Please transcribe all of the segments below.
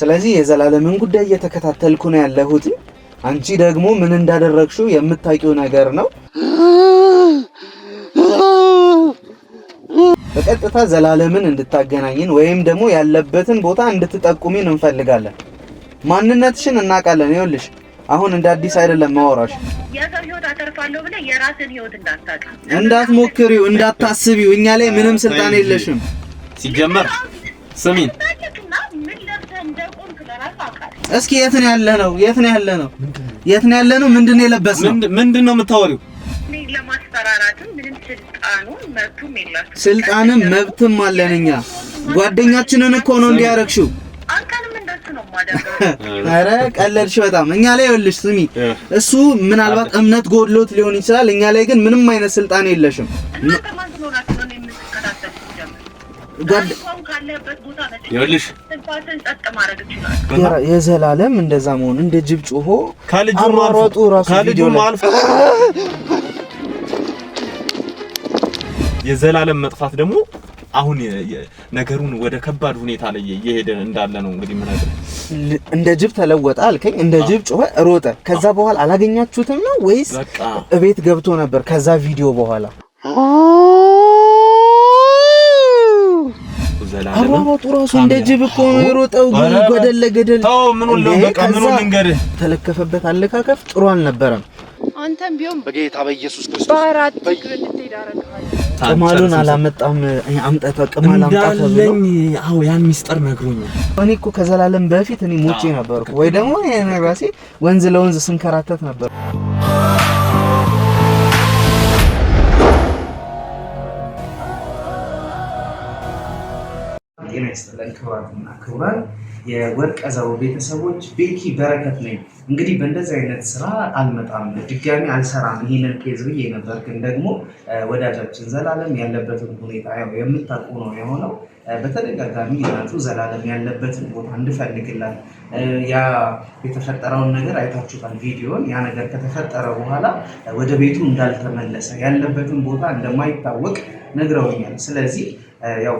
ስለዚህ የዘላለምን ጉዳይ እየተከታተልኩ ነው ያለሁት። አንቺ ደግሞ ምን እንዳደረግሽው የምታውቂው ነገር ነው። በቀጥታ ዘላለምን እንድታገናኝን ወይም ደግሞ ያለበትን ቦታ እንድትጠቁሚን እንፈልጋለን። ማንነትሽን እናውቃለን። ይኸውልሽ አሁን እንደ አዲስ አይደለም ማወራሽ። የሰው ህይወት አተርፋለሁ ብለህ የራስን ህይወት እንዳታጣ እንዳትሞክሪው፣ እንዳታስቢው። እኛ ላይ ምንም ስልጣን የለሽም። ሲጀመር ስሚን እስኪ የት ነው ያለ ነው? የት ነው ያለ ነው? የት ነው ያለ ነው? ምንድን ነው የለበስነው? ምንድን ነው የምታወሪው? ስልጣንም መብትም አለን እኛ። ጓደኛችንን እኮ ነው እንዲያረግሽው። አረ ቀለልሽ በጣም እኛ ላይ ይኸውልሽ፣ ስሚ እሱ ምናልባት እምነት ጎድሎት ሊሆን ይችላል። እኛ ላይ ግን ምንም አይነት ስልጣን የለሽም። የዘላለም እንደዛ መሆን እንደ ጅብ ጮሆ አሯሯጡ የዘላለም መጥፋት ደግሞ አሁን ነገሩን ወደ ከባድ ሁኔታ ላይ እየሄደ እንዳለ ነው። እንግዲህ ምን እንደ ጅብ ተለወጠ አልከኝ፣ እንደ ጅብ ጮኸ፣ ሮጠ። ከዛ በኋላ አላገኛችሁትም ነው ወይስ እቤት ገብቶ ነበር ከዛ ቪዲዮ በኋላ? አሯሯጡ ራሱ እንደ ጅብ እኮ የሮጠው ገደል ለገደል ተለከፈበት። አለካከፍ ጥሩ አልነበረም። አንተም ቢሆን በጌታ በኢየሱስ ክርስቶስ ቅማሉን አላመጣም። አምጣታ ቅማል አምጣታ አዎ ያን ሚስጥር ነግሮኛል። እኔ እኮ ከዘላለም በፊት እኔ ሞቼ ነበር ወይ ደግሞ ራሴ ወንዝ ለወንዝ ስንከራተት ነበር። ያስጥለን። ክቡራትና ክቡራን የወርቀ ዘውዱ ቤተሰቦች ቤኪ በረከት ነኝ። እንግዲህ በእንደዚህ አይነት ስራ አልመጣም፣ ድጋሚ አልሰራም ይህን ኬዝ ብዬ ነበር። ግን ደግሞ ወዳጃችን ዘላለም ያለበትን ሁኔታ የምታውቁ ነው የሆነው። በተደጋጋሚ እናቱ ዘላለም ያለበትን ቦታ እንድፈልግላል ያ የተፈጠረውን ነገር አይታችሁታል ቪዲዮን። ያ ነገር ከተፈጠረ በኋላ ወደ ቤቱ እንዳልተመለሰ ያለበትን ቦታ እንደማይታወቅ ነግረውኛል። ስለዚህ ያው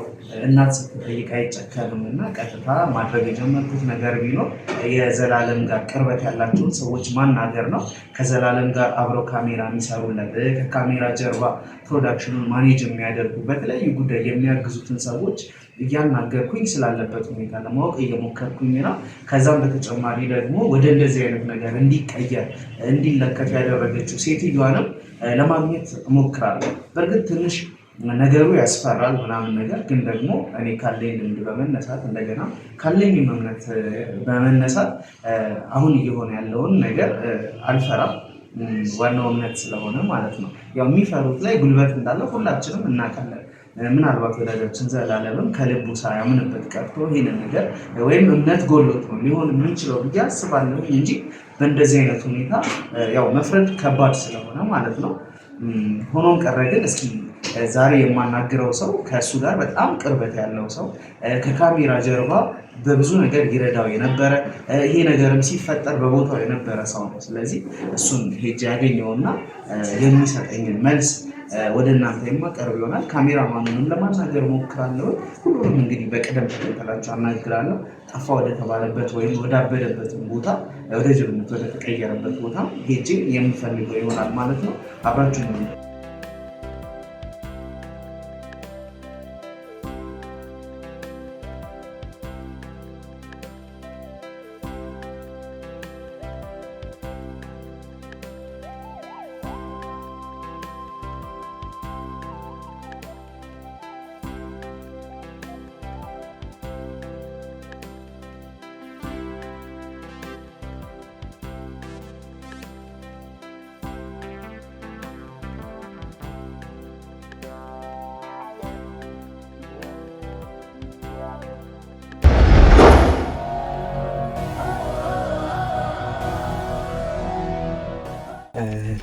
እናት ስትጠይቅ አይጨከልም እና ቀጥታ ማድረግ የጀመርኩት ነገር ቢኖር የዘላለም ጋር ቅርበት ያላቸውን ሰዎች ማናገር ነው። ከዘላለም ጋር አብረው ካሜራ የሚሰሩለት ከካሜራ ጀርባ ፕሮዳክሽኑን ማኔጅ የሚያደርጉ በተለያዩ ጉዳይ የሚያግዙትን ሰዎች እያናገርኩኝ ስላለበት ሁኔታ ለማወቅ እየሞከርኩኝ ነው። ከዛም በተጨማሪ ደግሞ ወደ እንደዚህ አይነት ነገር እንዲቀየር እንዲለከፍ ያደረገችው ሴትዮዋንም ለማግኘት እሞክራለሁ። በእርግጥ ትንሽ ነገሩ ያስፈራል ምናምን ነገር ግን ደግሞ እኔ ካለኝ ልምድ በመነሳት እንደገና ካለኝ እምነት በመነሳት አሁን እየሆነ ያለውን ነገር አልፈራም። ዋናው እምነት ስለሆነ ማለት ነው። ያው የሚፈሩት ላይ ጉልበት እንዳለ ሁላችንም እናውቃለን። ምናልባት ወዳጃችን ዘላለምም ከልቡ ሳያምንበት ቀርቶ ይህንን ነገር ወይም እምነት ጎሎት ነው ሊሆን የምንችለው ብዬ አስባለሁ እንጂ በእንደዚህ አይነት ሁኔታ ያው መፍረድ ከባድ ስለሆነ ማለት ነው። ሆኖም ቀረ ግን እስኪ ዛሬ የማናግረው ሰው ከእሱ ጋር በጣም ቅርበት ያለው ሰው ከካሜራ ጀርባ በብዙ ነገር ይረዳው የነበረ ይሄ ነገርም ሲፈጠር በቦታው የነበረ ሰው ነው። ስለዚህ እሱን ሄጅ ያገኘውና የሚሰጠኝን መልስ ወደ እናንተ የማቀርብ ይሆናል። ማንንም ለማናገር ሞክራለሁ። ሁሉንም እንግዲህ በቅደም ተከተላቸው አናግራለሁ። ጠፋ ወደተባለበት ወይም ወዳበደበትም ቦታ ወደ ጅርምት ወደተቀየረበት ቦታ ሄጅ የምፈልገው ይሆናል ማለት ነው። አብራችሁ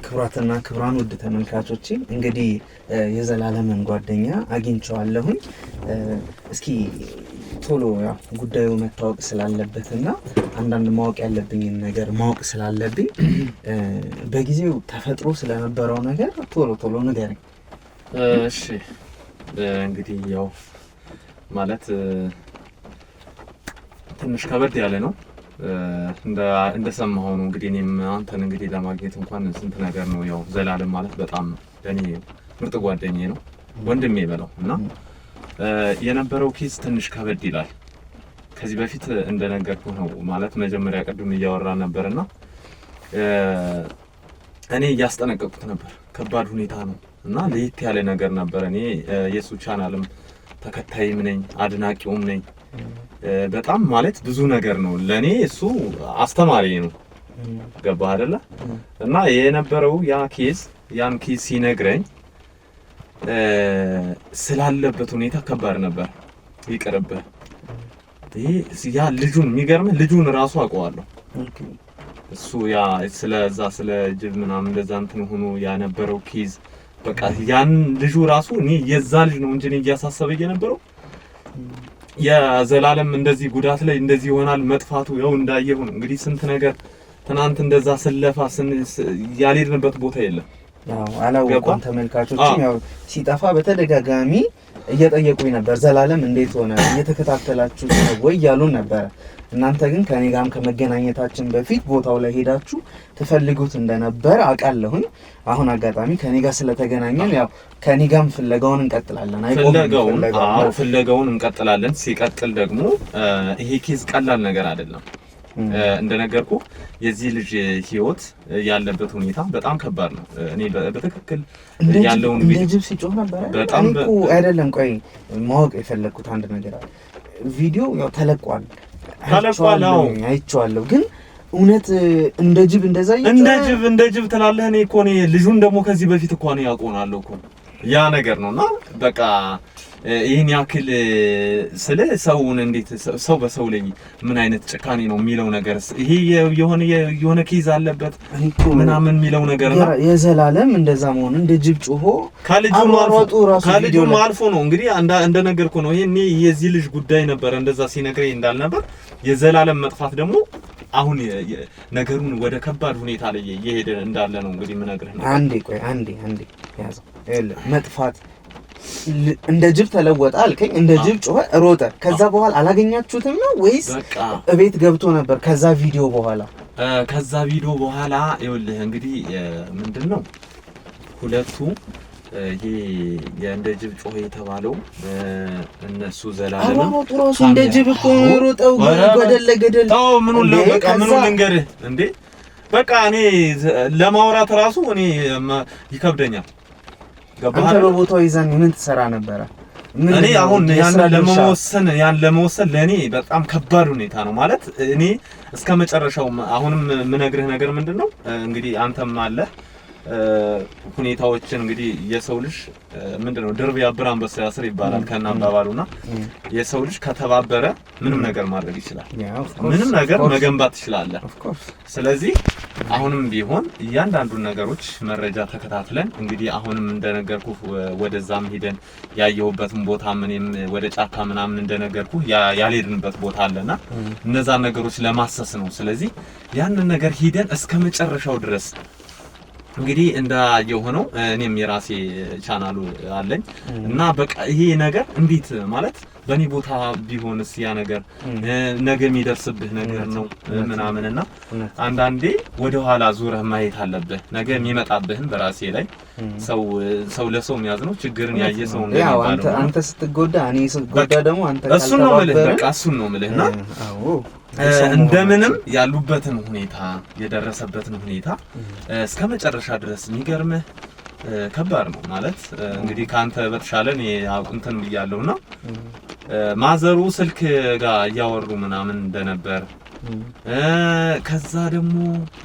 ክብራትና ክብራን ውድ ተመልካቾች እንግዲህ የዘላለምን ጓደኛ አግኝቸዋለሁኝ። እስኪ ቶሎ ያው ጉዳዩ መታወቅ ስላለበትና አንዳንድ ማወቅ ያለብኝን ነገር ማወቅ ስላለብኝ በጊዜው ተፈጥሮ ስለነበረው ነገር ቶሎ ቶሎ ንገረኝ። እሺ እንግዲህ ያው ማለት ትንሽ ከበድ ያለ ነው እንደሰማሁ ነው እንግዲህ እኔም አንተን እንግዲህ ለማግኘት እንኳን ስንት ነገር ነው። ያው ዘላለም ማለት በጣም ለእኔ ምርጥ ጓደኜ ነው ወንድሜ በለው እና የነበረው ኬዝ ትንሽ ከበድ ይላል። ከዚህ በፊት እንደነገርኩ ነው ማለት መጀመሪያ ቅድም እያወራ ነበርና እኔ እያስጠነቀቁት ነበር። ከባድ ሁኔታ ነው እና ለየት ያለ ነገር ነበር። እኔ የእሱ ቻናልም ተከታይም ነኝ አድናቂውም ነኝ በጣም ማለት ብዙ ነገር ነው ለእኔ እሱ አስተማሪ ነው። ገባ አይደለ? እና የነበረው ያ ኬዝ ያን ኬዝ ሲነግረኝ ስላለበት ሁኔታ ከባድ ነበር። ይቅርብህ ይሄ ያ ልጁን የሚገርምህ ልጁን እራሱ አውቀዋለሁ። እሱ ያ ስለዛ ስለ ጅብ ምናምን እንደዛ እንትን ሆኖ ያነበረው ኬዝ በቃ ያን ልጁ ራሱ እኔ የዛ ልጅ ነው እንጂ እያሳሰበ የነበረው የዘላለም እንደዚህ ጉዳት ላይ እንደዚህ ይሆናል መጥፋቱ ያው እንዳየሁ ነው። እንግዲህ ስንት ነገር ትናንት እንደዛ ስለፋ ያልሄድንበት ቦታ የለም። አላወቁም። ተመልካቾችም ያው ሲጠፋ በተደጋጋሚ እየጠየቁኝ ነበር፣ ዘላለም እንዴት ሆነ እየተከታተላችሁ ነው ወይ እያሉን ነበረ። እናንተ ግን ከኔ ጋርም ከመገናኘታችን በፊት ቦታው ላይ ሄዳችሁ ትፈልጉት እንደነበር አውቃለሁኝ። አሁን አጋጣሚ ከኔ ጋር ስለተገናኘን ያው ከኔ ጋርም ፍለጋውን እንቀጥላለን፣ ፍለጋውን እንቀጥላለን። ሲቀጥል ደግሞ ይሄ ኬዝ ቀላል ነገር አይደለም። እንደነገርኩ የዚህ ልጅ ህይወት ያለበት ሁኔታ በጣም ከባድ ነው። እኔ በትክክል ያለውን ልጅብ ሲጮህ ነበረ። በጣም አይደለም። ቆይ ማወቅ የፈለግኩት አንድ ነገር አለ። ቪዲዮ ያው ተለቋል፣ ተለቋል፣ አይቼዋለሁ ግን እውነት እንደ ጅብ እንደዛ እንደ ጅብ እንደ ጅብ ትላለህ። እኔ እኮ ልጁን ደግሞ ከዚህ በፊት እኮ ነው ያቆናለሁ እኮ ያ ነገር ነው። እና በቃ ይህን ያክል ስለ ሰውን እንዴት ሰው በሰው ላይ ምን አይነት ጭካኔ ነው የሚለው ነገር ይሄ የሆነ ኬዝ አለበት ምናምን የሚለው ነገር ነው። የዘላለም እንደዛ መሆን እንደ ጅብ ጮሆ ከልጁም አልፎ ነው እንግዲህ እንደነገርኩ ነው። ይሄ የዚህ ልጅ ጉዳይ ነበር እንደዛ ሲነግረኝ እንዳልነበር የዘላለም መጥፋት ደግሞ አሁን ነገሩን ወደ ከባድ ሁኔታ ላይ እየሄደ እንዳለ ነው እንግዲህ የምነግርህ ነው። አንዴ ቆይ አንዴ አንዴ ያዘው መጥፋት እንደ ጅብ ተለወጠ አልከኝ፣ እንደ ጅብ ጮኸ፣ ሮጠ። ከዛ በኋላ አላገኛችሁትም ነው ወይስ እቤት ገብቶ ነበር? ከዛ ቪዲዮ በኋላ ከዛ ቪዲዮ በኋላ ይኸውልህ እንግዲህ ምንድን ነው ሁለቱ ይሄ እንደ ጅብ ጮኸ የተባለው እነሱ ዘላለም አራራቱ ራሱ እንደ ጅብ እኮ ሮጠው ገደል ገደል። ተው ምኑን ለበቃ ምኑን ልንገርህ እንዴ! በቃ እኔ ለማውራት ራሱ እኔ ይከብደኛል። አንተ በቦታው ይዘን ምን ትሰራ ነበረ? እኔ አሁን ያን ለመወሰን ያን ለመወሰን ለእኔ በጣም ከባድ ሁኔታ ነው ማለት እኔ እስከ መጨረሻው አሁንም የምነግርህ ነገር ምንድን ነው እንግዲህ አንተም አለህ ሁኔታዎችን እንግዲህ የሰው ልጅ ምንድነው ድር ቢያብር አንበሳ ያስር ይባላል ከና ና የሰው ልጅ ከተባበረ ምንም ነገር ማድረግ ይችላል። ምንም ነገር መገንባት ትችላለህ። ስለዚህ አሁንም ቢሆን እያንዳንዱን ነገሮች መረጃ ተከታትለን እንግዲህ አሁንም እንደነገርኩ ወደዛም ሂደን ያየሁበትን ቦታ ምንም ወደ ጫካ ምናምን እንደነገርኩ ያልሄድንበት ቦታ አለና እነዛን ነገሮች ለማሰስ ነው። ስለዚህ ያንን ነገር ሂደን እስከ መጨረሻው ድረስ እንግዲህ እንዳየሆነው እኔም የራሴ ቻናሉ አለኝ እና በቃ ይሄ ነገር እንዴት ማለት በእኔ ቦታ ቢሆንስ ያ ነገር ነገ የሚደርስብህ ነገር ነው ምናምን እና አንዳንዴ ወደኋላ ዙረህ ማየት አለብህ። ነገ የሚመጣብህን በራሴ ላይ ሰው ለሰው የሚያዝ ነው። ችግርን ያየ ሰው አንተ ስትጎዳ እኔ ስትጎዳ ደግሞ አንተ እሱን ነው የምልህ በቃ እሱን ነው የምልህ እና እንደምንም ያሉበትን ሁኔታ የደረሰበትን ሁኔታ እስከ መጨረሻ ድረስ የሚገርምህ ከባድ ነው ማለት እንግዲህ ከአንተ በተሻለ እኔ እንትን ብያለሁ እና ማዘሩ ስልክ ጋር እያወሩ ምናምን እንደነበር ከዛ ደግሞ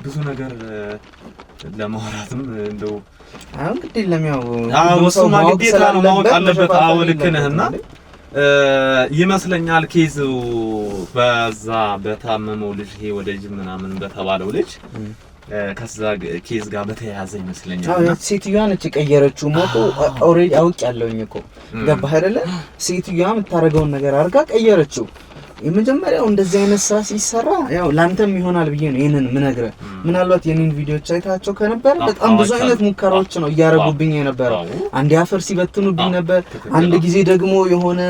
ብዙ ነገር ለማውራትም እንደው አሁን ግዴለም ያው ግዴታ ነው ማወቅ አለበት። አዎ ልክ ነህ እና ይመስለኛል ኬዝ በዛ በታመመው ልጅ ይሄ ወደ ጅም ምናምን በተባለው ልጅ ከዛ ኬዝ ጋር በተያያዘ ይመስለኛል። ሴትዮዋ ነች የቀየረችው። ሞቆ ኦልሬዲ አውቅ ያለውኝ እኮ ገባህ አይደለ? ሴትዮዋ የምታደርገውን ነገር አድርጋ ቀየረችው። የመጀመሪያው እንደዚህ አይነት ስራ ሲሰራ ያው ላንተም ይሆናል ብዬ ነው ይሄንን ምነግርህ። ምናልባት የኔን ቪዲዮዎች አይታቸው ከነበረ በጣም ብዙ አይነት ሙከራዎች ነው እያረጉብኝ የነበረው። አንድ አፈር ሲበትኑብኝ ነበር፣ አንድ ጊዜ ደግሞ የሆነ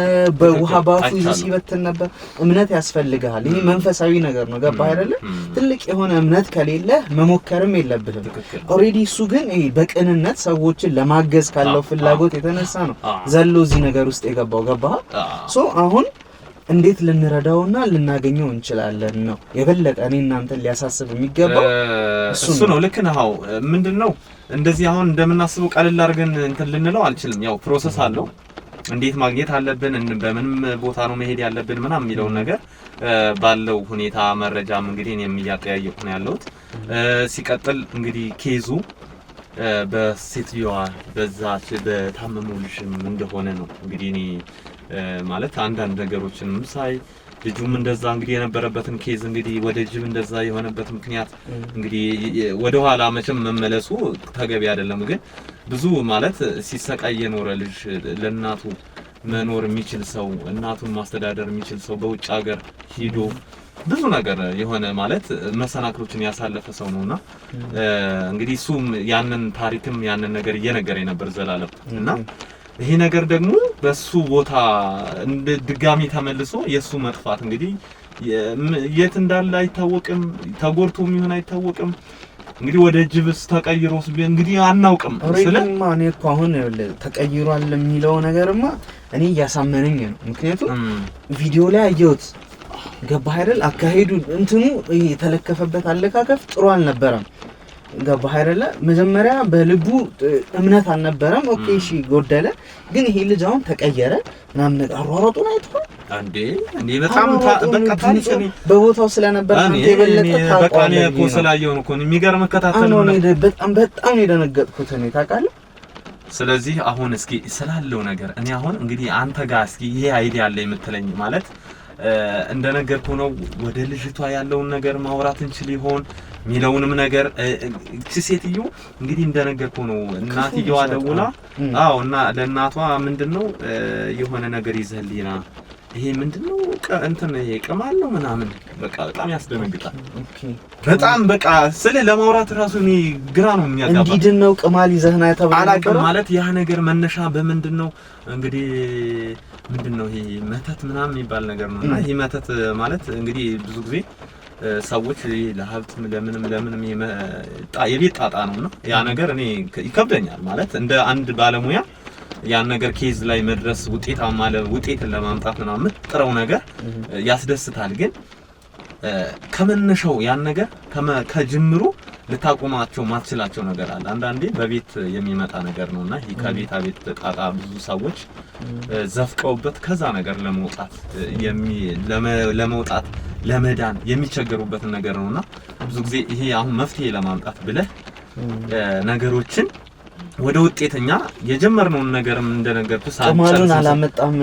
በውሃ ባፉ ይዞ ሲበትን ነበር። እምነት ያስፈልግሃል። ይሄ መንፈሳዊ ነገር ነው። ገባህ አይደለም? ትልቅ የሆነ እምነት ከሌለ መሞከርም የለብህም። ኦልሬዲ እሱ ግን ይሄ በቅንነት ሰዎችን ለማገዝ ካለው ፍላጎት የተነሳ ነው ዘሎ እዚህ ነገር ውስጥ የገባው። ገባህ? ሶ አሁን እንዴት ልንረዳውና ልናገኘው እንችላለን ነው የበለጠ እኔ እናንተን ሊያሳስብ የሚገባው እሱ ነው። ልክ ነው። ምንድን ነው እንደዚህ አሁን እንደምናስበው ቀልል አድርገን እንትን ልንለው አልችልም። ያው ፕሮሰስ አለው እንዴት ማግኘት አለብን፣ በምንም ቦታ ነው መሄድ ያለብን ምናምን የሚለውን ነገር ባለው ሁኔታ መረጃም እንግዲህ እኔም እያጠያየቁ ነው ያለሁት። ሲቀጥል እንግዲህ ኬዙ በሴትዮዋ በዛች በታመሙልሽም እንደሆነ ነው እንግዲህ እኔ ማለት አንዳንድ ነገሮችንም ሳይ ልጁም እንደዛ እንግዲህ የነበረበትን ኬዝ እንግዲህ ወደ ጅብ እንደዛ የሆነበት ምክንያት እንግዲህ ወደኋላ መቼም መመለሱ ተገቢ አይደለም። ግን ብዙ ማለት ሲሰቃይ የኖረ ልጅ ለእናቱ መኖር የሚችል ሰው እናቱን ማስተዳደር የሚችል ሰው በውጭ ሀገር ሂዶ ብዙ ነገር የሆነ ማለት መሰናክሎችን ያሳለፈ ሰው ነውና እንግዲህ እሱም ያንን ታሪክም ያንን ነገር እየነገረ ነበር ዘላለም እና ይሄ ነገር ደግሞ በሱ ቦታ ድጋሚ ተመልሶ የሱ መጥፋት እንግዲህ የት እንዳለ አይታወቅም። ተጎድቶ የሚሆን አይታወቅም። እንግዲህ ወደ ጅብስ ተቀይሮስ እንግዲህ አናውቅም። ስለማ እኔ እኮ አሁን ተቀይሯል የሚለው ነገርማ እኔ እያሳመነኝ ነው። ምክንያቱም ቪዲዮ ላይ አየሁት። ገባህ አይደል? አካሄዱ እንትኑ የተለከፈበት አለካከፍ ጥሩ አልነበረም። ገባህ አይደለ? መጀመሪያ በልቡ እምነት አልነበረም። ኦኬ እሺ፣ ጎደለ። ግን ይሄ ልጅ አሁን ተቀየረ ምናምን ነገር አሯሯጡን አይተኸዋል እንዴ? እኔ በጣም በቦታው ስለነበረ የበለጠ ስላየውን እኮ የሚገርም እከታተል በጣም በጣም የደነገጥኩት እኔ ታውቃለህ። ስለዚህ አሁን እስኪ ስላለው ነገር እኔ አሁን እንግዲህ አንተ ጋር እስኪ ይሄ አይዲያ አለ የምትለኝ ማለት እንደነገርኩ ነው። ወደ ልጅቷ ያለውን ነገር ማውራት እንችል ይሆን የሚለውንም ነገር ሴትዮ እንግዲህ እንደነገርኩ ነው። እናትየዋ ደውላ አዎ፣ እና ለእናቷ ምንድነው የሆነ ነገር ይዘህልኝና ይሄ ምንድነው እንትን ይሄ ቅማል ምናምን በቃ በጣም ያስደነግጣል። በጣም በቃ ስለ ለማውራት ራሱ እኔ ግራ ነው የሚያጋባ። እንዲድን ነው ቅማል ይዘህና ተባለ አላውቅም። ማለት ያ ነገር መነሻ በምንድን ነው እንግዲህ ምንድነው ይሄ መተት ምናምን የሚባል ነገር ነው። እና ይሄ መተት ማለት እንግዲህ ብዙ ጊዜ ሰዎች ለሀብትም ለምንም ለምንም የቤት ጣጣ ነው እና ያ ነገር እኔ ይከብደኛል ማለት እንደ አንድ ባለሙያ ያን ነገር ኬዝ ላይ መድረስ ውጤታማ ውጤትን ለማምጣት ምናምን ጥረው ነገር ያስደስታል ግን ከመነሻው ያን ነገር ከጅምሩ ልታቆማቸው ማትችላቸው ነገር አለ። አንዳንዴ በቤት የሚመጣ ነገር ነው እና ከቤት አቤት ቃጣ ብዙ ሰዎች ዘፍቀውበት ከዛ ነገር ለመውጣት ለመውጣት ለመዳን የሚቸገሩበትን ነገር ነውና ብዙ ጊዜ ይሄ አሁን መፍትሄ ለማምጣት ብለህ ነገሮችን ወደ ውጤተኛ የጀመርነውን ነገርም እንደነገርኩ ሳንጨርስ ቅማሉን አላመጣም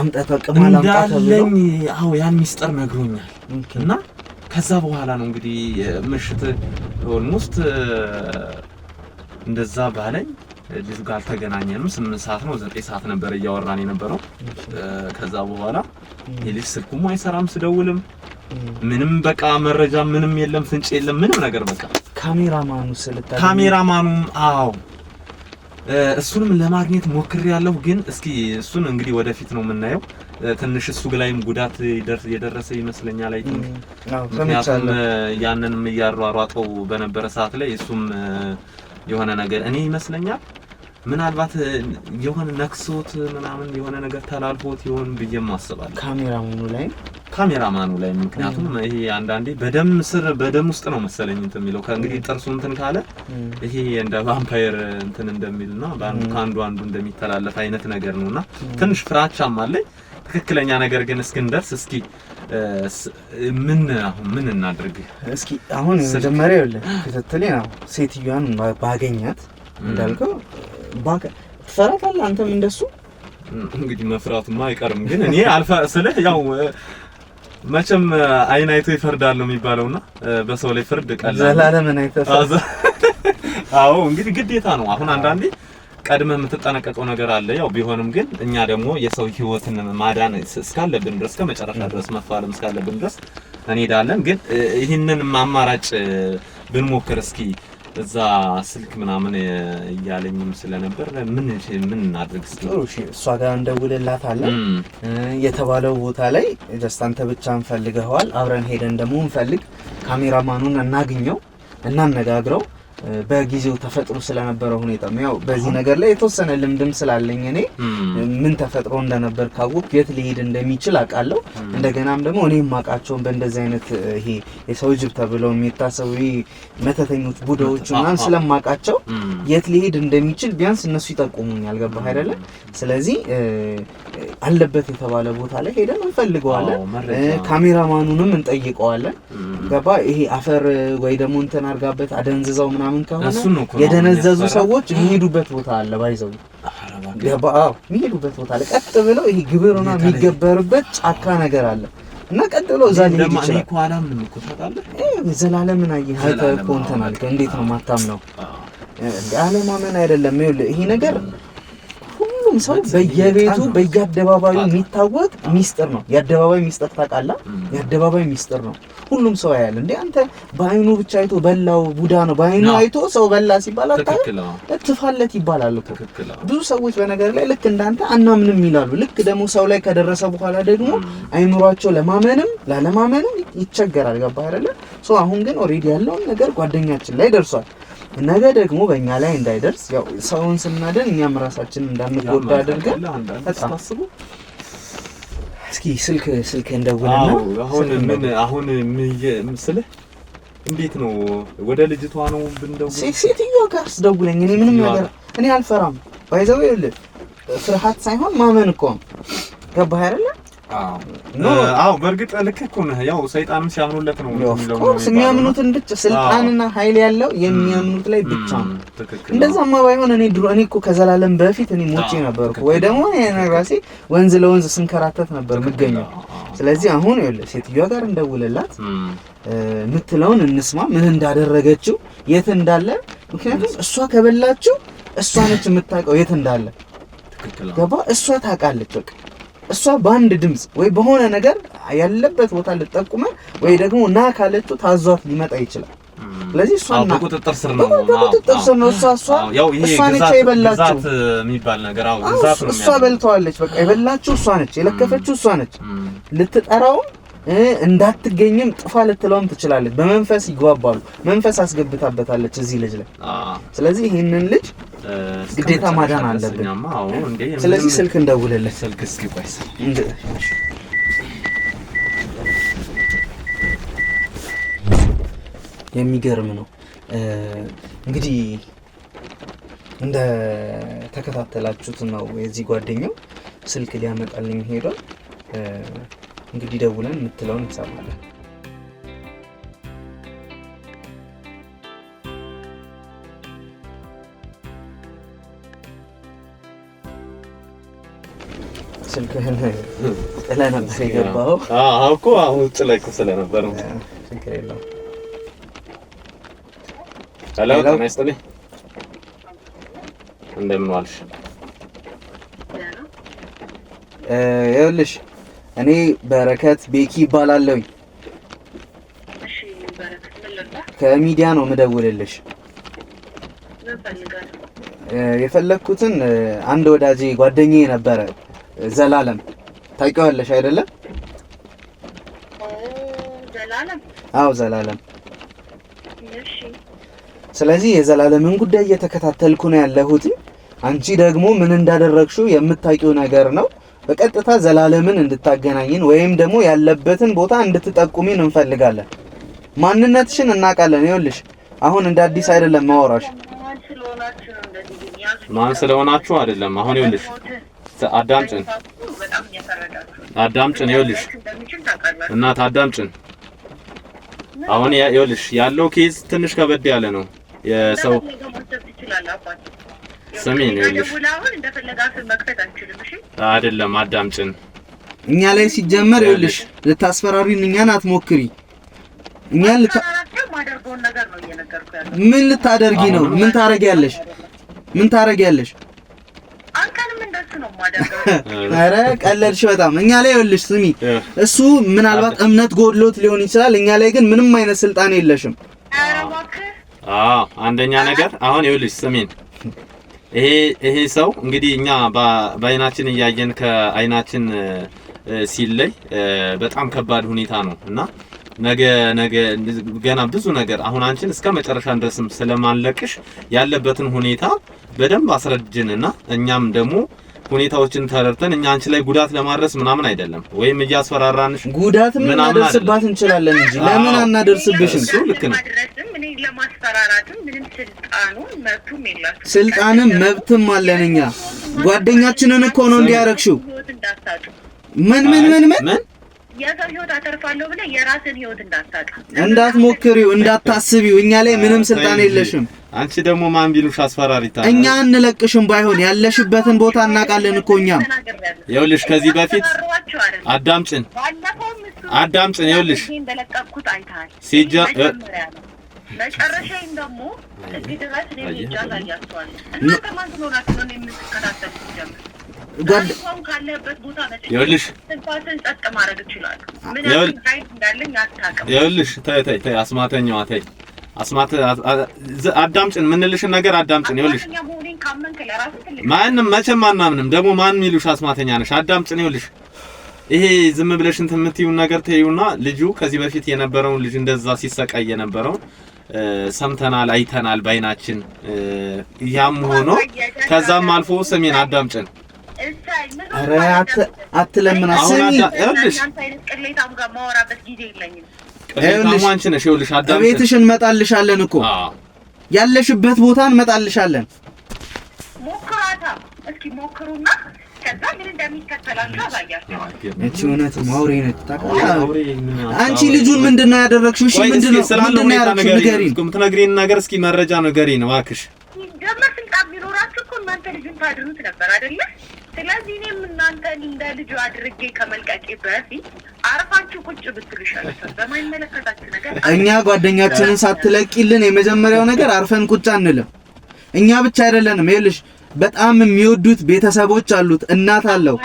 አምጣቷ ቅማል እንዳለኝ አዎ ያን ሚስጥር ነግሮኛል። እና ከዛ በኋላ ነው እንግዲህ ምሽት ኦልሞስት እንደዛ ባለኝ ልጁ ጋር አልተገናኘንም። ስምንት ሰዓት ነው ዘጠኝ ሰዓት ነበር እያወራን የነበረው። ከዛ በኋላ የልጅ ስልኩም አይሰራም፣ ስደውልም ምንም በቃ መረጃ ምንም የለም፣ ፍንጭ የለም፣ ምንም ነገር በቃ ካሜራማኑ ስለታ ካሜራማኑ አዎ እሱንም ለማግኘት ሞክሬያለሁ፣ ግን እስኪ እሱን እንግዲህ ወደፊት ነው የምናየው። ትንሽ እሱ ላይም ጉዳት የደረሰ ይመስለኛል። አይ ቲንክ ምክንያቱም ያንንም እያሯሯጠው በነበረ ሰዓት ላይ እሱም የሆነ ነገር እኔ ይመስለኛል ምናልባት የሆነ ነክሶት ምናምን የሆነ ነገር ተላልፎት ይሆን አስባለ ካሜራ ካሜራማኑ ላይ ካሜራማኑ ላይ ምክንያቱም ይሄ አንዳንዴ በደም ስር በደም ውስጥ ነው መሰለኝ እንትን የሚለው ከእንግዲህ ጥርሱ እንትን ካለ ይሄ እንደ ቫምፓየር እንትን እንደሚልና ከአንዱ አንዱ እንደሚተላለፍ አይነት ነገር ነውና ትንሽ ፍራቻም አለኝ። ትክክለኛ ነገር ግን እስክንደርስ እስኪ ምን ምን እናድርግ? እስኪ አሁን መጀመሪያ ያለ ክትትሌ ነው። ሴትዮዋን ባገኛት እንዳልከው ባከ ትፈራታለህ። አንተም እንደሱ እንግዲህ መፍራቱማ አይቀርም። ግን እኔ አልፈ ስልህ ያው መቼም አይን አይቶ ይፈርዳል ነው የሚባለውና በሰው ላይ ፍርድ ቀላል ዘላለምን አይተፈ አዎ እንግዲህ ግዴታ ነው። አሁን አንዳንዴ ቀድመ የምትጠነቀቀው ነገር አለ። ያው ቢሆንም ግን እኛ ደግሞ የሰው ህይወትን ማዳን እስካለብን ድረስ ከመጨረሻ ድረስ መፋለም እስካለብን ድረስ እንሄዳለን። ግን ይህንን አማራጭ ብንሞክር እስኪ እዛ ስልክ ምናምን እያለኝም ስለነበር ምን ምን እናድርግ ጥሩ እሺ፣ እሷ ጋር እንደውልላታለን። የተባለው ቦታ ላይ ጀስት አንተ ብቻ እንፈልገዋል። አብረን ሄደን ደግሞ እንፈልግ፣ ካሜራማኑን እናግኘው፣ እናነጋግረው በጊዜው ተፈጥሮ ስለነበረ ሁኔታ ያው በዚህ ነገር ላይ የተወሰነ ልምድም ስላለኝ እኔ ምን ተፈጥሮ እንደነበር ካወቅ የት ሊሄድ እንደሚችል አውቃለሁ። እንደገናም ደግሞ እኔ የማውቃቸውን በእንደዚህ አይነት ይሄ የሰው ጅብ ተብለው የሚታሰቡ መተተኞች ቡዳዎች ምናምን ስለማውቃቸው የት ሊሄድ እንደሚችል ቢያንስ እነሱ ይጠቁሙኝ ያልገባ አይደለም? ስለዚህ አለበት የተባለ ቦታ ላይ ሄደን እንፈልገዋለን። ካሜራማኑንም እንጠይቀዋለን። ገባ ይሄ አፈር ወይ ደግሞ እንትን አድርጋበት አደንዝዛው ምናምን ምናምን ከሆነ የደነዘዙ ሰዎች የሚሄዱበት ቦታ አለ። ባይዘው የሚሄዱበት ቦታ አለ። ቀጥ ብለው ይሄ ግብርና የሚገበርበት ጫካ ነገር አለ እና ቀጥ ብለው እዛ ሊሄድ ይችላል። ዘላለምን አየህ አይተህ እኮ እንትን አልከ። እንዴት ነው ማታም ነው አለማመን አይደለም። ይኸውልህ ይሄ ነገር ማንም ሰው በየቤቱ በየአደባባዩ የሚታወቅ ሚስጥር ነው። የአደባባይ ሚስጥር ታውቃለህ? የአደባባይ ሚስጥር ነው። ሁሉም ሰው ያያል። እንደ አንተ በአይኑ ብቻ አይቶ በላው ቡዳ ነው። በአይኑ አይቶ ሰው በላ ሲባል ትፋለት ይባላል እኮ። ብዙ ሰዎች በነገር ላይ ልክ እንዳንተ አናምንም ይላሉ። ልክ ደግሞ ሰው ላይ ከደረሰ በኋላ ደግሞ አይምሯቸው ለማመንም ላለማመንም ይቸገራል። ገባህ አይደለ? አሁን ግን ኦልሬዲ ያለውን ነገር ጓደኛችን ላይ ደርሷል። ነገ ደግሞ በእኛ ላይ እንዳይደርስ ያው ሰውን ስናደን እኛም ራሳችን እንዳንጎዳ አድርገን ታስቡ። እስኪ ስልክ ስልክ እንደውልና አሁን ምን አሁን ምስልህ እንዴት ነው? ወደ ልጅቷ ነው ብንደው ሴትዮዋ ጋር ስደውለኝ እኔ ምንም ነገር እኔ አልፈራም። ባይዘው ይኸውልህ ፍርሃት ሳይሆን ማመን እኮ ነው። ገባህ አይደለ? አዎ በእርግጥ ልክ እኮ ነህ። ያው ሰይጣንም ሲያምኑለት ነው ኦፍኮርስ የሚያምኑትን ብቻ ስልጣንና ኃይል ያለው የሚያምኑት ላይ ብቻ ነው። እንደዛማ ባይሆን እኔ ድሮ እኔ እኮ ከዘላለም በፊት እኔ ሞቼ ነበርኩ ወይ ደግሞ እኔ ራሴ ወንዝ ለወንዝ ስንከራተት ነበር የምገኘው። ስለዚህ አሁን ይኸውልህ ሴትዮዋ ጋር እንደውልላት የምትለውን እንስማ፣ ምን እንዳደረገችው የት እንዳለ። ምክንያቱም እሷ ከበላችሁ እሷ ነች የምታውቀው የት እንዳለ ገባ። እሷ ታውቃለች በቃ እሷ በአንድ ድምፅ ወይ በሆነ ነገር ያለበት ቦታ ልጠቁመ ወይ ደግሞ ና ካለችው ታዟት ሊመጣ ይችላል። ስለዚህ እሷ እና በቁጥጥር ስር ነው በቁጥጥር ስር ነው። እሷ እሷ እሷ ነች የበላችው የሚባል ነገር አዎ፣ እሷ በልተዋለች። በቃ የበላችው እሷ ነች፣ የለከፈችው እሷ ነች። ልትጠራውም እንዳትገኝም ጥፋ ልትለውም ትችላለች። በመንፈስ ይጓባሉ። መንፈስ አስገብታበታለች እዚህ ልጅ ላይ። ስለዚህ ይህንን ልጅ ግዴታ ማዳን አለብን። ስለዚህ ስልክ እንደውልለት ስልክ እስኪ ቆይ የሚገርም ነው እንግዲህ እንደ ተከታተላችሁት ነው የዚህ ጓደኛው ስልክ ሊያመጣልኝ ሄዷል። እንግዲህ ደውለን የምትለውን እንሰማለን። ስልክህን ጥለህ ነበር የገባኸው እኮ አሁን ጥለህ ስለነበር ነው። ችግር የለውም። ሄሎ ጤና ይስጥልኝ። እንደምን ዋልሽ? ይኸውልሽ እኔ በረከት ቤኪ ይባላለሁ። ከሚዲያ ነው የምደውልልሽ። የፈለግኩትን አንድ ወዳጄ ጓደኛዬ ነበረ ዘላለም፣ ታውቂዋለሽ አይደለም? አዎ ዘላለም። ስለዚህ የዘላለምን ጉዳይ እየተከታተልኩ ነው ያለሁት። አንቺ ደግሞ ምን እንዳደረግሽው የምታውቂው ነገር ነው በቀጥታ ዘላለምን እንድታገናኝን ወይም ደግሞ ያለበትን ቦታ እንድትጠቁሚን እንፈልጋለን። ማንነትሽን እናውቃለን። ይኸውልሽ አሁን እንደ አዲስ አይደለም ማወራሽ። ማን ስለሆናችሁ አይደለም። አሁን ይኸውልሽ አዳምጭን፣ አዳምጭን። ይኸውልሽ እናት አዳምጭን። አሁን ይኸውልሽ ያለው ኬዝ ትንሽ ከበድ ያለ ነው። የሰው ስሜን ይኸውልሽ አይደለም አዳምጭን። እኛ ላይ ሲጀመር ይኸውልሽ፣ ልታስፈራሪን እኛን አትሞክሪ። እኛን ምን ልታደርጊ ነው? ምን ታረጊያለሽ? ምን ታረጊያለሽ? አረ ቀለልሽ በጣም። እኛ ላይ ይኸውልሽ፣ ስሚ፣ እሱ ምናልባት እምነት ጎድሎት ሊሆን ይችላል። እኛ ላይ ግን ምንም አይነት ስልጣን የለሽም። አዎ አንደኛ ነገር አሁን ይኸውልሽ፣ ስሚን ይሄ ሰው እንግዲህ እኛ በአይናችን እያየን ከአይናችን ሲለይ በጣም ከባድ ሁኔታ ነው እና ነገ ነገ ገና ብዙ ነገር አሁን አንቺን እስከ መጨረሻ ድረስም ስለማንለቅሽ ያለበትን ሁኔታ በደንብ አስረጅን እና እኛም ደግሞ ሁኔታዎችን ተረድተን እኛ አንቺ ላይ ጉዳት ለማድረስ ምናምን አይደለም፣ ወይም እያስፈራራንሽ ጉዳት እናደርስባት እንችላለን እንጂ ለምን አናደርስብሽም? እሱ ልክ ነው። ምንም ስልጣንም መብትም አለን እኛ። ጓደኛችንን እኮ ነው እንዲያረግሽው። ምን ምን ምን ምን የሰው ህይወት አተርፋለሁ ብለህ የራስን ህይወት እንዳታጣ እንዳትሞክሪው፣ እንዳታስቢው። እኛ ላይ ምንም ስልጣን የለሽም። አንቺ ደግሞ ማን ቢሉሽ አስፈራሪታ። እኛ አንለቅሽም። ባይሆን ያለሽበትን ቦታ እናውቃለን እኮ እኛም። ይኸውልሽ ከዚህ በፊት አዳምጭን፣ አዳምጭን። ይኸውልሽ እንደለቀቅኩት መጨረሻዬን ደግሞ እዚህ ድረስ እኔ ጀምር እንኳን ካለበት ቦታ ይኸውልሽ፣ ስንፋትን ጸጥ አዳምጭን፣ የምንልሽን ነገር አዳምጭን። ይኸውልሽ ማንም መቼም አናምንም። ደግሞ ማንም ይሉሽ አስማተኛ ነሽ። አዳምጭን። ይኸውልሽ ይሄ ዝም ብለሽ እንትን የምትይውን ነገር ተይውና ልጁ ከዚህ በፊት የነበረውን ልጅ እንደዛ ሲሰቃይ የነበረውን ሰምተናል፣ አይተናል ባይናችን። ያም ሆኖ ከዛም አልፎ ስሜን አዳምጭን አትለምና ቤትሽ እንመጣልሻለን እኮ ያለሽበት ቦታ እንመጣልሻለን። እቺ እውነት አንቺ ልጁን ምንድን ነው ያደረግሽው? እሺ ምንድን ነው ያደረግሽው? ንገሪኝ። የምትነግሪኝ ነገር እስኪ መረጃ ንገሪኝ እባክሽ። ሲጀመር ስልጣን ቢኖራችሁ እኮ እናንተ ልጁን ታድኑት ነበር አይደለ? ስለዚህ እኔም እናንተ እንደ ልጁ አድርጌ ከመልቀቄ በፊት አርፋችሁ ቁጭ ብትሉ ይሻላችኋል። በማይመለከታችሁ ነገር እኛ ጓደኛችንን ሳትለቂልን የመጀመሪያው ነገር አርፈን ቁጭ አንልም። እኛ ብቻ አይደለንም ይልሽ በጣም የሚወዱት ቤተሰቦች አሉት። እናት አለው።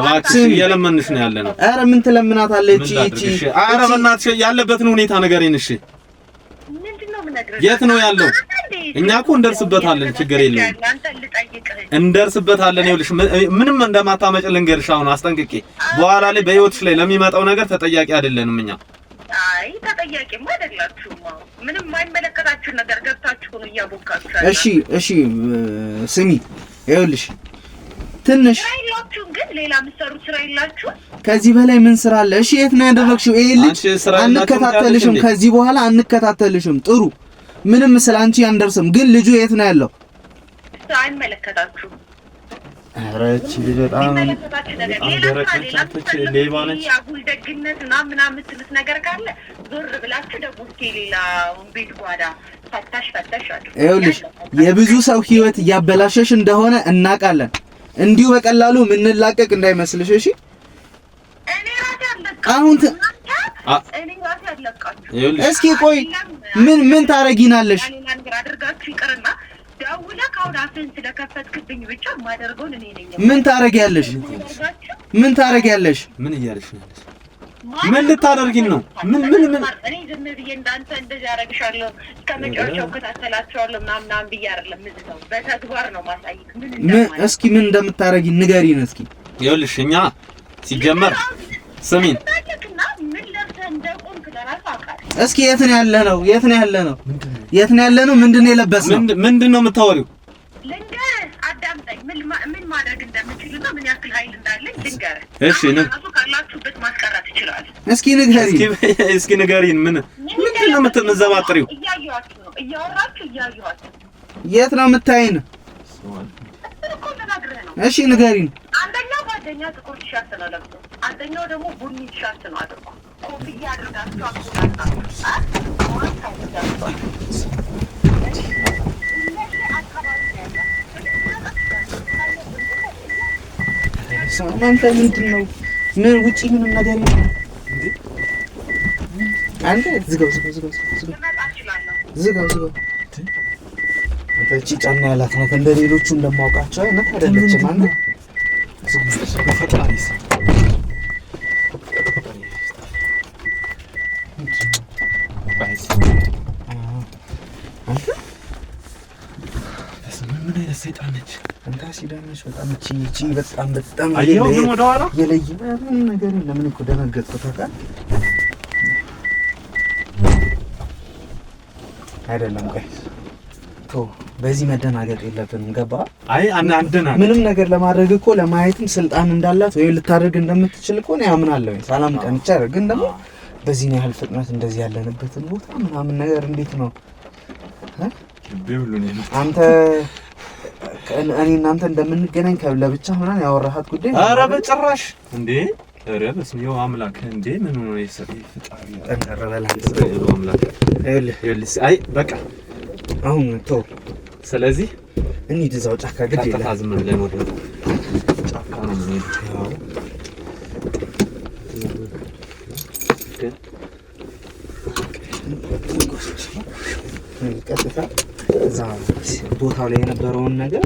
እባክሽ እየለመንሽ ነው ያለ ነው። አረ ምን ትለምናት አለ እቺ እቺ አረ በእናትሽ ያለበትን ሁኔታ ነገር ይንሽ የት ነው ያለው? እኛ እኮ እንደርስበታለን፣ ችግር የለም እንደርስበታለን። ይኸውልሽ ምንም እንደማታመጭ ልንገርሽ አሁን አስጠንቅቄ፣ በኋላ ላይ በህይወትሽ ላይ ለሚመጣው ነገር ተጠያቂ አይደለንም እኛ። አይ ተጠያቂም አይደላችሁም። ምንም የማይመለከታችሁ ነገር ገብታችሁ ነው እያቦካችሁ። እሺ፣ እሺ፣ ስሚ ይኸውልሽ ትንሽ ግን ሌላ የምትሰሩት ስራ የላችሁ? ከዚህ በላይ ምን ስራ አለ? እሺ የት ነው ያደረግሽው? ይሄ ልጅ አንከታተልሽም፣ ከዚህ በኋላ አንከታተልሽም። ጥሩ ምንም ስለ አንቺ አንደርስም። ግን ልጁ የት ነው ያለው? አይመለከታችሁም። በጣም ሌባ ነች። አጉል ደግነት ምናምን ነገር ካለ ዞር ብላችሁ ደግሞ እስኪ ቤት ጓዳ ይኸውልሽ የብዙ ሰው ህይወት እያበላሸሽ እንደሆነ እናውቃለን። እንዲሁ በቀላሉ የምንላቀቅ እንዳይመስልሽ እሺ። አሁን እስኪ ቆይ ምን ምን ታረጊናለሽ? ምን ታረጊያለሽ? ምን ታረጊያለሽ? ምን እያለሽ ነው? ምን ልታደርጊን ነው? ምን ምን ምን እኔ ዝም ብዬ እንዳንተ እንደዚህ አደርግሻለሁ እስከ መጨረሻው እከታተላቸዋለሁ ምናምን ምናምን ብዬ አይደለም። ምን ነው በተግባር ነው ማሳይክ። ምን እስኪ ምን እንደምታደርጊ ንገሪን እስኪ። ይኸውልሽ እኛ ሲጀመር ስሚን እስኪ የት ነው ያለ ነው? የት ነው ያለ ነው? የት ነው ያለ ነው? ምንድን ነው የለበስነው? ምንድን ነው የምታወሪው? አዳምጠኝ። ምን ማድረግ ምን ያክል ኃይል እሺ፣ ማስቀራት ይችላል። እስኪ ንገሪኝ፣ እስኪ ንገሪን። ምን ምንድን ነው የምትዘባጥሪው? እያየኋችሁ እያወራችሁ የት ነው የምታይን? እሺ፣ ንገሪን። አንደኛው ጓደኛ ጥቁር ቲሸርት ነው ለብሶ፣ አንደኛው ደግሞ ቡኒ ቲሸርት ነው አድርጎ እናንተ ምንድን ነው? ምን ውጪ ምንም ነገር የለም። አንተ ዝጋው ዝጋው ዝጋው ዝጋው ዝጋው። አንተ እቺ ጫና ያላት ናት፣ እንደ ሌሎቹ እንደማውቃቸው አይነት አይደለችም። አንተ በጣም በጣም የለየ ምንም ነገር ለምን እኮ ደነገጥኩ ታውቃለህ? አይደለም በዚህ መደናገጥ የለብንም። ገባ? አይ ምንም ነገር ለማድረግ እኮ ለማየትም ስልጣን እንዳላት ወይም ልታደርግ እንደምትችል እኮ ነው ያምናለሁ። ሰላም ቀንቻ ግን ደግሞ በዚህ ነው ያህል ፍጥነት እንደዚህ ያለንበትን ቦታ ምናምን ነገር እንዴት ነው አንተ እኔ እናንተ እንደምንገናኝ ለብቻ ምናምን ያወራሃት ጉዳይ? ኧረ በጭራሽ እንዴ! ኧረ በስመ አብ አምላክ እንዴ! ምን ሆነ? አይ በቃ አሁን ተው። ስለዚህ እንሂድ እዛው ጫካ ግድ ይላል። ዝም ብለን ወደ ጫካ ነው የምንሄድ። ቀጥታ እዛ ቦታው ላይ የነበረውን ነገር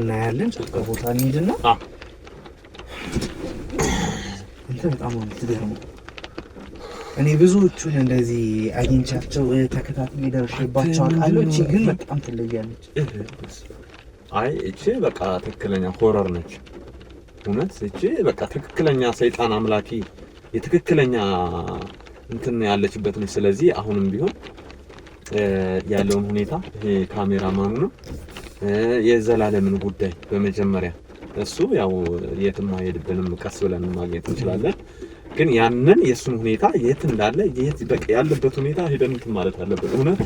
እናያለን። ጫካ ቦታ እንሂድና እንትን በጣም ነው የምትገርመው። እኔ ብዙዎቹን እንደዚህ አግኝቻቸው ተከታትዬ ደርሼባቸው አውቃለሁ። ግን በጣም ትለያለች። አይ እቺ በቃ ትክክለኛ ሆረር ነች። እውነት እቺ በቃ ትክክለኛ ሰይጣን አምላኪ የትክክለኛ እንትን ያለችበት ነች። ስለዚህ አሁንም ቢሆን ያለውን ሁኔታ ይሄ ካሜራማኑ ነው የዘላለምን ጉዳይ በመጀመሪያ እሱ ያው የትም አይሄድብንም፣ ቀስ ብለን ማግኘት እንችላለን። ግን ያንን የእሱን ሁኔታ የት እንዳለ የት በቃ ያለበት ሁኔታ ሄደን እንትን ማለት አለበት እውነት